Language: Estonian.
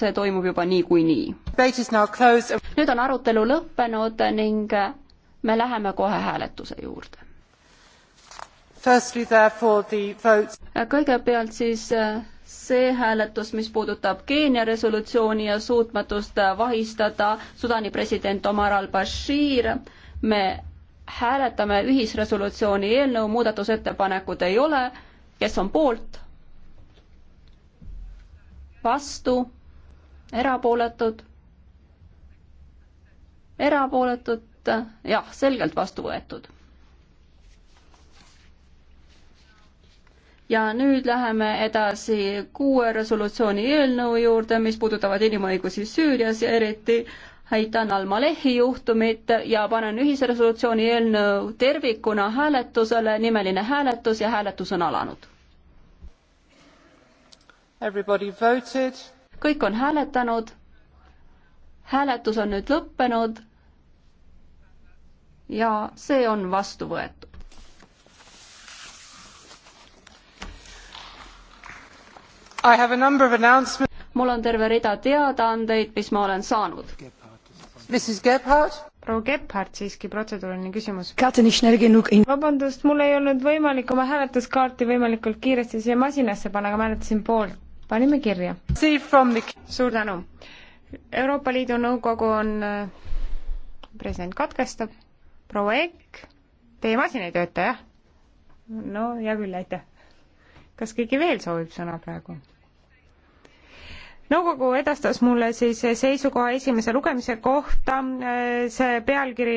see toimub juba niikuinii. Nii. nüüd on arutelu lõppenud ning me läheme kohe hääletuse juurde. kõigepealt siis äh, see hääletus, mis puudutab Keenia resolutsiooni ja suutmatust vahistada Sudaani president Omar al-Bashir. me hääletame ühisresolutsiooni eelnõu, muudatusettepanekud ei ole. kes on poolt? vastu erapooletud, erapooletud, jah, selgelt vastu võetud. ja nüüd läheme edasi kuue resolutsiooni eelnõu juurde, mis puudutavad inimõigusi Süürias ja eriti Haitan al-Malehi juhtumit ja panen ühise resolutsiooni eelnõu tervikuna hääletusele, nimeline hääletus ja hääletus on alanud. Everybody voted kõik on hääletanud. hääletus on nüüd lõppenud. ja see on vastu võetud. I have a number of announcements mul on terve rida teadaandeid, mis ma olen saanud. proua Gebhardt, siiski protseduuriline küsimus. vabandust, mul ei olnud võimalik oma hääletuskaarti võimalikult kiiresti siia masinasse panna, aga ma hääletasin poolt panime kirja. suur tänu. Euroopa Liidu Nõukogu on, äh, president katkestab, proua Ekk, teie masin ei tööta, jah? no hea küll, aitäh. kas keegi veel soovib sõna praegu? nõukogu edastas mulle siis seisukoha esimese lugemise kohta, äh, see pealkiri